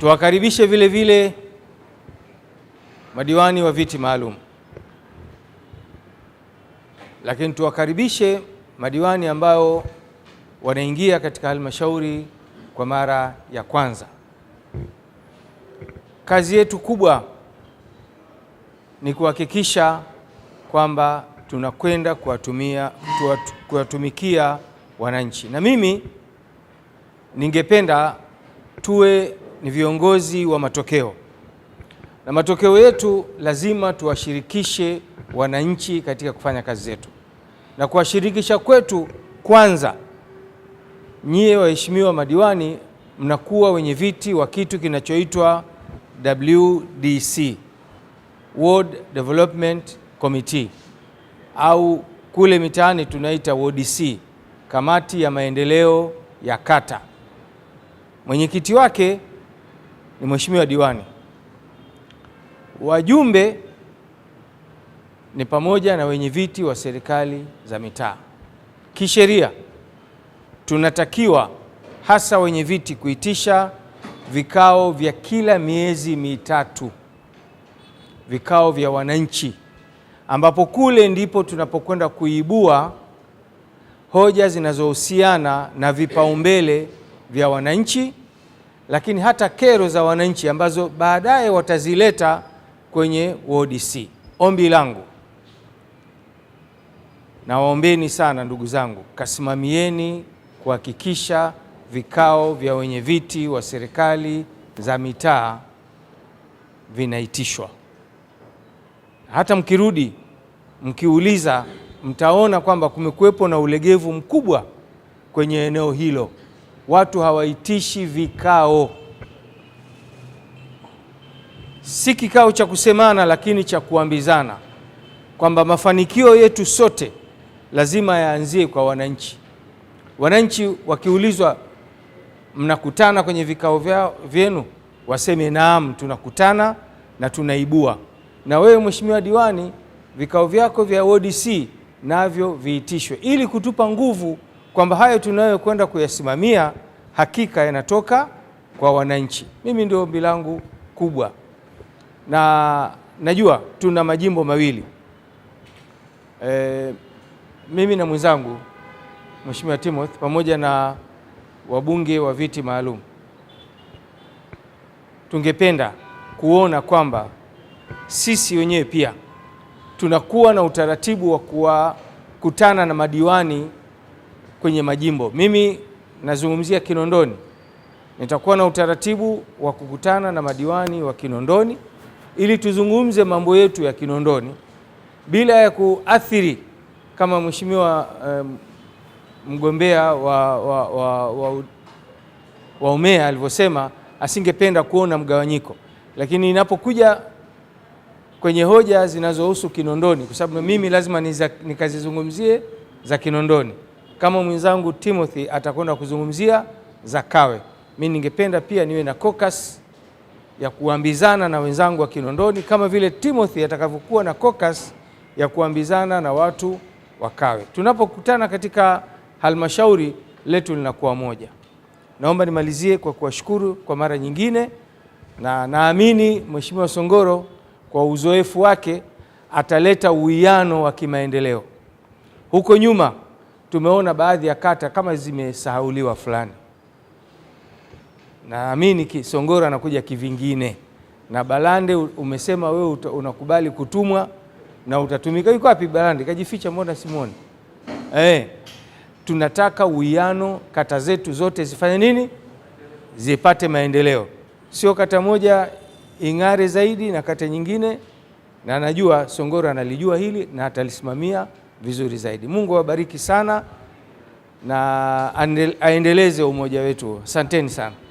Tuwakaribishe vile vile madiwani wa viti maalum, lakini tuwakaribishe madiwani ambao wanaingia katika halmashauri kwa mara ya kwanza. Kazi yetu kubwa ni kuhakikisha kwamba tunakwenda kuwatumia kuwatumikia wananchi, na mimi ningependa tuwe ni viongozi wa matokeo, na matokeo yetu lazima tuwashirikishe wananchi katika kufanya kazi zetu, na kuwashirikisha kwetu, kwanza nyie waheshimiwa madiwani mnakuwa wenye viti wa kitu kinachoitwa WDC, Ward Development Committee, au kule mitaani tunaita WDC, kamati ya maendeleo ya kata. Mwenyekiti wake ni mheshimiwa diwani. Wajumbe ni pamoja na wenye viti wa serikali za mitaa. Kisheria tunatakiwa hasa wenye viti kuitisha vikao vya kila miezi mitatu, vikao vya wananchi, ambapo kule ndipo tunapokwenda kuibua hoja zinazohusiana na vipaumbele vya wananchi lakini hata kero za wananchi ambazo baadaye watazileta kwenye WDC. Ombi langu nawaombeni sana ndugu zangu, kasimamieni kuhakikisha vikao vya wenye viti wa serikali za mitaa vinaitishwa. Hata mkirudi mkiuliza, mtaona kwamba kumekuwepo na ulegevu mkubwa kwenye eneo hilo watu hawaitishi vikao, si kikao cha kusemana, lakini cha kuambizana kwamba mafanikio yetu sote lazima yaanzie kwa wananchi. Wananchi wakiulizwa mnakutana kwenye vikao vyenu waseme naam, tunakutana na tunaibua. Na wewe mheshimiwa diwani, vikao vyako vya ODC navyo viitishwe ili kutupa nguvu kwamba hayo tunayokwenda kuyasimamia hakika yanatoka kwa wananchi. Mimi ndio ombi langu kubwa, na najua tuna majimbo mawili e, mimi na mwenzangu Mheshimiwa Timothy pamoja na wabunge wa viti maalum tungependa kuona kwamba sisi wenyewe pia tunakuwa na utaratibu wa kuwakutana na madiwani kwenye majimbo. Mimi nazungumzia Kinondoni, nitakuwa na utaratibu wa kukutana na madiwani wa Kinondoni ili tuzungumze mambo yetu ya Kinondoni bila ya kuathiri kama mheshimiwa um, mgombea wa, wa, wa, wa, wa umea alivyosema asingependa kuona mgawanyiko, lakini inapokuja kwenye hoja zinazohusu Kinondoni, kwa sababu mimi lazima nikazizungumzie za Kinondoni kama mwenzangu Timothy atakwenda kuzungumzia za Kawe, ningependa pia niwe na kokas ya kuambizana na wenzangu wa Kinondoni kama vile Timothy atakavyokuwa na kokas ya kuambizana na watu wa Kawe. Tunapokutana katika halmashauri letu linakuwa moja. Naomba nimalizie kwa kuwashukuru kwa mara nyingine, na naamini Mheshimiwa Songoro kwa uzoefu wake ataleta uwiano wa kimaendeleo. Huko nyuma tumeona baadhi ya kata kama zimesahauliwa fulani. Naamini Songora anakuja kivingine, na Balande umesema wewe unakubali kutumwa na utatumika. Yuko wapi Balande? Kajificha, mbona simwoni? Eh, tunataka uwiano, kata zetu zote zifanye nini? Zipate maendeleo, sio kata moja ing'are zaidi na kata nyingine. Na najua Songora analijua hili na atalisimamia vizuri zaidi. Mungu awabariki sana na aendeleze umoja wetu. Asanteni sana.